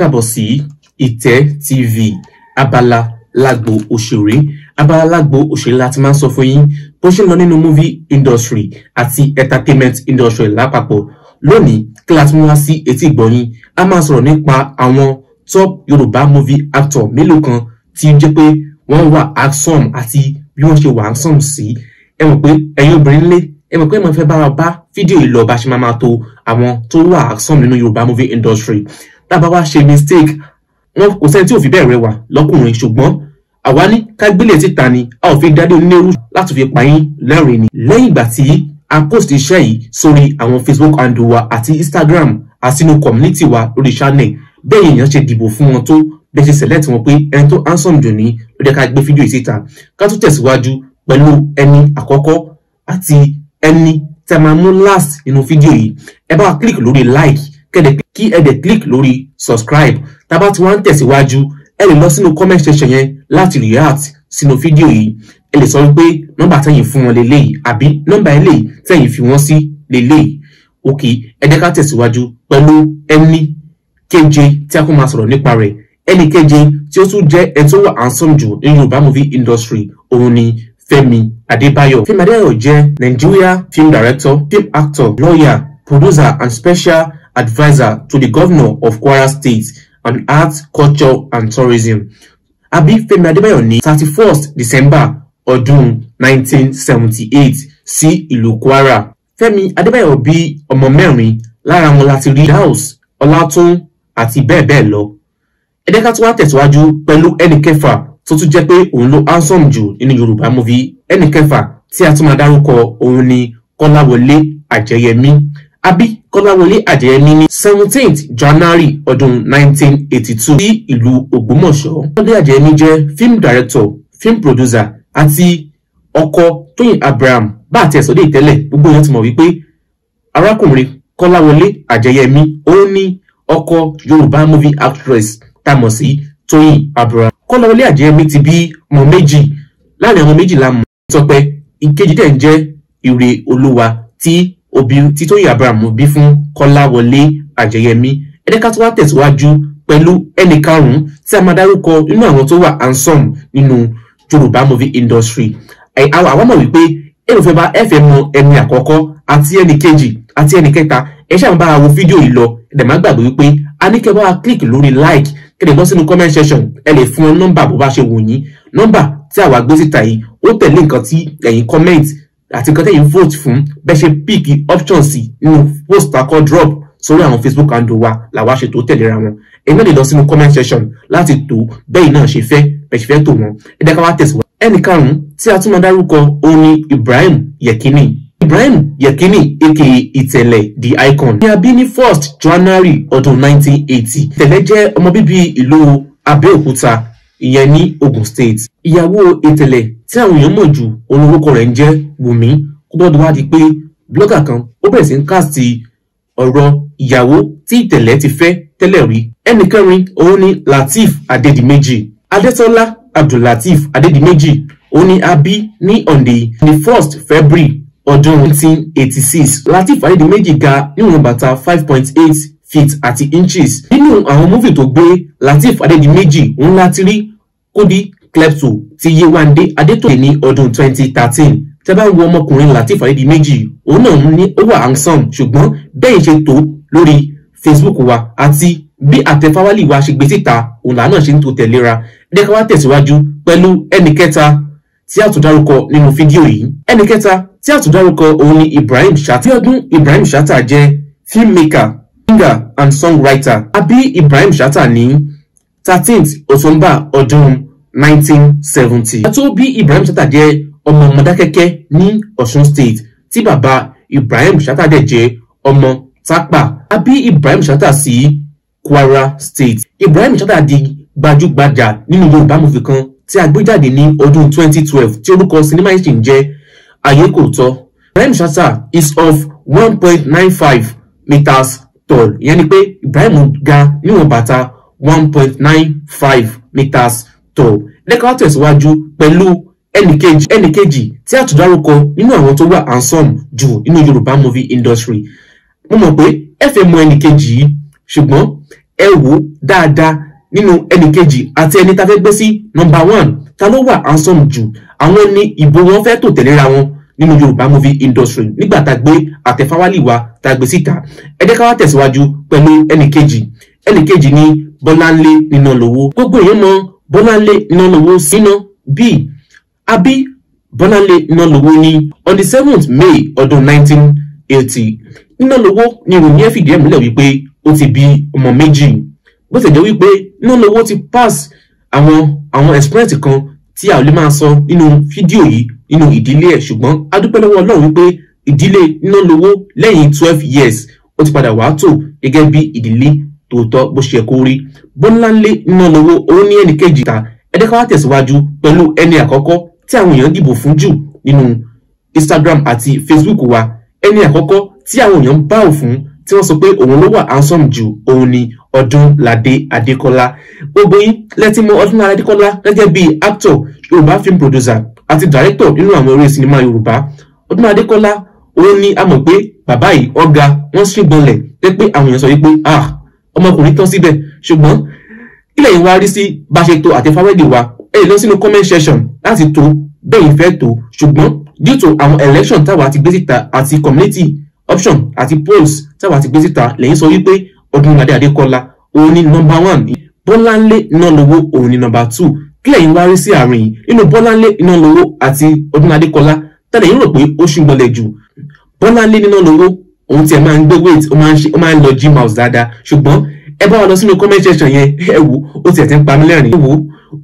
kábọ̀ sí ìtẹ́ tv abala lágbo òṣèré abala lágbo òṣèré láti máa ń sọ fún yín bó ṣe ń lọ nínú movie industry àti entertainment industry lápapọ̀ lónìí kí láti mú wá sí etí ìgbọ̀nyín a máa sọ̀rọ̀ nípa àwọn top yorùbá movie actor mélòó kan tí ó jẹ́ pé wọ́n wà handsome àti bí wọ́n ṣe wà handsome sí ẹ mọ̀ pé ẹ̀yin obìnrin lé ẹ mọ̀ pé mo fẹ́ bára bá fídíò yìí lọ bá ṣe máa máa to àwọn tó wà handsome nínú yorùbá movie industry tábà wá ṣe mistake wọn kò sẹ́ni tí ò fi bẹ́ẹ̀ rẹwà lọ́kùnrin ṣùgbọ́n àwa ní kágbélé síta ni a ò fi dádé onírú láti fi pààyàn lẹ́rìn ni. lẹ́yìn ìgbà tí a post iṣẹ́ yìí sórí àwọn facebook handle wa àti instagram àti inú community wa lórí channel bẹ́ẹ̀ èèyàn ṣe dìbò fún wọn tó bẹ́ẹ̀ ṣe select wọn pé ẹni tó handsome jù ní ló jẹ́ ká gbé fídíò yìí síta ká tún tẹ̀síwájú pẹ̀lú ẹni àkọ́kọ́ àti ẹni tí a máa mú last nínú fídíò yìí ẹ bá wa click lórí like kẹ́lẹ́ kí ẹ dẹ̀ click lórí subscribe tá a bá ti ń tẹ̀síwájú ẹ lè lọ sínú comment section yẹn láti react sínú fídíò yìí ẹ lè sọ wípé nọ́mbà tẹ̀yìn fún wọn lélẹ́yìí àbí nọ́mbà eléyìí tẹ̀yìn fi wọ́n sí lélẹ́yìí ok ẹ jẹ́ ká tẹ̀síwájú pẹ̀lú ẹni keje tí a kò máa sọ̀rọ̀ nípa rẹ̀ ẹni keje tí ó tún jẹ́ ẹni tó wà handsome jù ní Yorùbá movie industry òun ni Fẹ́mi Adébáyọ̀ Fẹ́mi Adébáyọ̀ jẹ́ Nigeria film director film actor lawyer producer and special Advisor to the governor of Kwara State on arts, culture and tourism. Abífẹ́mi Adébáyọ̀ ní thirty first December ọdún nineteen seventy eight sí ìlú Kwara. Femi Adébáyọ̀ bí ọmọ mẹ́rin lára lati read house Daus ati bebe lo. Edeka tuwa Ẹ jẹ́ ká tún so tẹ̀síwájú pẹ̀lú ẹnì kẹfà tó tún jẹ́ movie ẹnì kẹfà tí a ko máa dárúkọ òun ni Kọ́láwọlé Abi kọ́láwọlé àjẹyẹmí ní seventeenth january ọdún nineteen eighty two sí ìlú ògbómọ̀ṣọ́ kọ́lé àjẹyẹmí jẹ́ film director film producer àti ọkọ tóyìn abraham bá àti ẹ̀sọ́ dé tẹ́lẹ̀ gbogbo èèyàn ti mọ̀ wípé arákùnrin kọ́láwọlé àjẹyẹmí ó ní ọkọ yorùbá movie actress tá a mọ̀ sí tóyìn abraham kọ́láwọlé àjẹyẹmí ti bí ọmọ méjì láàrin ọmọ méjì la mọ̀ tọpẹ́ ìkejì dẹ̀ ń jẹ́ ire olúwa tí òbí títóyè abraham bí fún kọ́láwọlé àjẹyẹmí ẹ jẹ́ ká tó wá tẹ̀síwájú pẹ̀lú ẹnì karùn-ún tí a máa dárúkọ nínú àwọn tó wà handsome nínú yorùbá movie industry àwọn mọ̀ wípé ẹnìfẹ́ bá ẹ fẹ́ mọ ẹni àkọ́kọ́ àti ẹnì kejì àti ẹnì kẹta ẹ ṣáà bá wo fídíò yìí lọ ẹ̀dẹ̀ má gbàgbé wípé a ní kẹ́ bá wa click lórí like kẹ́ lè bọ́ sínú comment section ẹ lè fún ọ nọ́mbà bó bá ṣe wù yín nọ́mbà tí àwa gbé síta yìí ó tẹ̀lé nǹkan tí ẹ̀yin comment àti nǹkan tẹ̀yìn vote fún bẹ́ẹ̀ ṣe pick options nínú post akọ drop sórí àwọn facebook handle wa làwa ṣètò tẹ̀léra wọn ẹ̀yin náà lè lọ sínú comment section láti tó bẹ́ẹ̀ náà ṣe fẹ́ bẹ́ẹ̀ ṣe fẹ́ tò wọ́n ẹ dẹ́ka wá tẹ̀síwájú. ẹnì karùn-ún tí a tún máa dárúkọ òun ni Ibrahim Yekini Ibrahim Yekini aka Ìtẹ̀lẹ̀ the icon ni a ní first January ọdún 1980 Ìtẹ̀lẹ̀ jẹ́ ọmọ bíbí ìlú Abẹ́òkúta ìyẹn ní Ogun State ìyàwó ètèlẹ̀ tí àwọn èèyàn mọ̀ jù òun orúkọ rẹ̀ ń jẹ́ Wùmí kó tó wá di pé blogger kan ó bẹ̀rẹ̀ sí ń kàsí ọ̀rọ̀ ìyàwó tí ìtẹ̀lẹ̀ ti fẹ́ tẹ́lẹ̀ rí ẹnì òun ni Lateef Adédìméjì Adétọ́lá Abdullateef Adédìméjì òun ni a bí ní on the first February ọdún 1986. Latif six Lateef Adédìméjì ga níwọ̀n bàtà five feet àti inches nínú àwọn múfì tó gbé lateef adédìméjì ńlá ti rí kódí klepto ti yéwándé adétòyè ní ọdún 2013 tẹ́ bá wo ọmọkùnrin lateef adédìméjì òun náà ní ó wà handsome ṣùgbọ́n bẹ́ẹ̀ ṣe tó lórí facebook wa àti bí àtẹ̀fáwálì wa ṣe gbé síta òun làánà ṣe ń tó tẹ̀léra dẹ́ka wá tẹ̀síwájú pẹ̀lú ẹnì kẹta tí a tún dárúkọ nínú fídíò yìí ẹnì kẹta tí a tún dárúkọ òun ni Ibrahim Shatta ọdún Ibrahim Shatta jẹ́ filmmaker singer and songwriter abi ibrahim shatta ní thirteenth october ọdún nineteen seventy. àtó bí ibrahim shatta jẹ́ ọmọ mọdákẹ́kẹ́ ní ọ̀ṣun state tí bàbá ibrahim shatta dẹ̀ jẹ́ ọmọ tápà abi ibrahim shatta sí kwara state. ibrahim shatta di gbajúgbajà nínú yorùbá mọ̀fì kan tí a gbé jáde ní ọdún twenty twelve tí orúkọ sinimá yìí jẹ́ ayé kò tọ́. ibrahim shatta is of one point nine five meters tall ìyẹn ni pé Ibrahim ga níwọ̀n bàtà one point nine five meters tall lẹ́ka tẹ̀síwájú pẹ̀lú ẹnìkejì ẹnìkejì tí àtúndárúkọ nínú àwọn tó wà handsome jù nínú Yorùbá movie industry mo mọ̀ pé ẹ fẹ́ mọ ẹnìkejì yìí ṣùgbọ́n ẹ wò ó dáadáa nínú ẹnìkejì àti ẹni tá a fẹ́ gbé sí number one ta ló wà handsome jù àwọn ni ìbò wọn fẹ́ tò tẹ̀léra wọn nínú yorùbá movie industry nígbà tá a gbé àtẹ̀fáwálì wa tá a gbé síta ẹ jẹ́ ká wá tẹ̀síwájú pẹ̀lú ẹnìkejì ẹnìkejì ní bọ́láńlé nínú lówó gbogbo èèyàn mọ bọ́láńlé nínú lówó sínú bíi àbí bọ́láńlé nínú lówó ní on the seventh may ọdún nineteen eighty nínú lówó ni ìròyìn ẹ̀ fìdí ẹ̀ múlẹ̀ wípé ó ti bí ọmọ méjì bó ṣe jẹ́ wípé nínú lówó ti pass àwọn àwọn experience kan tí a ò lè máa sọ nínú fídíò yìí nínú ìdílé ẹ̀ ṣùgbọ́n a dúpẹ́ lọ́wọ́ Ọlọ́run wípé ìdílé níná lówó lẹ́yìn twelve years ó ti padà wàá tò gẹ́gẹ́ bí ìdílé tòótọ́ bó ṣe kó rí Bọ́láńlé níná lówó òun ní ẹnì kejì ta ẹ̀dẹ́ ká wá tẹ̀síwájú pẹ̀lú ẹni àkọ́kọ́ tí àwọn èèyàn dìbò fún jù nínú Instagram àti Facebook wa ẹni àkọ́kọ́ tí àwọn èèyàn bá òfun tí wọ́n sọ pé òun ló wà Ọdúnládé Adékọ́lá gbogbo yín lẹ́tí mọ̀ Ọdúnládé Adékọ́lá gẹ́gẹ́ bíi actor Yorùbá film producer àti director nínú àwọn eré sinimá Yorùbá Ọdúnládé Adékọ́lá òun ni a mọ̀ pé bàbá yìí ọ̀gá wọ́n sì gbọ́nlẹ̀ pé pé àwọn èèyàn sọ wípé ah ọmọkùnrin tán síbẹ̀ ṣùgbọ́n ilẹ̀ yìí wá rí sí bá ṣe tó àti fáwẹ́dì wa ẹ lọ sínú comment section láti tó bẹ́ẹ̀ ìfẹ́ tó ṣùgbọ́n due to àwọn election táwa ti gbé síta àti community option àti polls táwa ti gbé síta lẹ́yìn sọ wípé ọdúnládé adékọlá òun ní nọmba one bọ́láńlé ináńlówó òun ní nọmba two kílẹ̀ yìí ń wárí sí àárín yìí nínú bọ́láńlé ináńlówó àti ọdúnládé kọlá tẹ́lẹ̀ yìí rò pé ó ṣùgbọ́nlẹ̀ jù bọ́láńlé ináńlówó òun tiẹ̀ máa ń gbé weight ó máa ń lọ gym house dáadáa ṣùgbọ́n ẹ bá wa lọ sínú comment section yẹn ẹ wò ó tiẹ̀ ti ń pa mí lẹ́rìn ẹ wò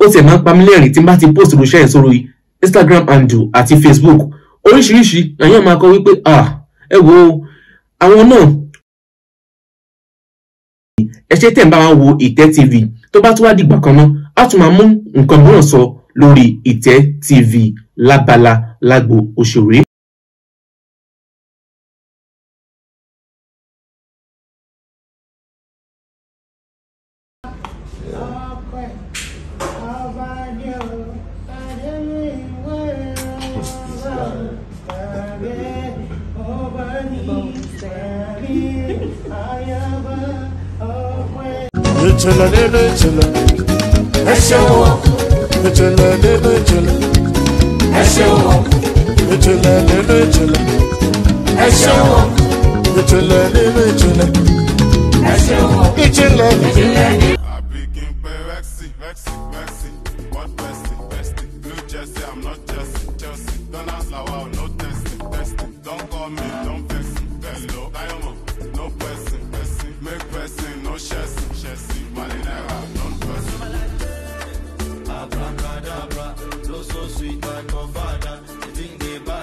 ó tiẹ̀ máa ń pa mí lẹ́rìn tí n bá ti post irúṣẹ́ yẹn sórí Instagram handle àti Facebook oríṣiríṣi àyàn máa kọ wípé ah ẹ wò àwọn náà ẹ ṣe tẹ̀ bá wa wo ìtẹ́ tv tó bá tún wá dìgbà kan náà á tún máa mú nǹkan mìíràn sọ lórí ìtẹ́ tv lábala lágbo òṣèré. I am a ìtìlẹ̀ nínú ìtìlẹ̀. ẹ ṣeun o. ìtìlẹ̀ nínú ìtìlẹ̀. ẹ o. ìtìlẹ̀ nínú ìtìlẹ̀. ẹ o. ìtìlẹ̀ nínú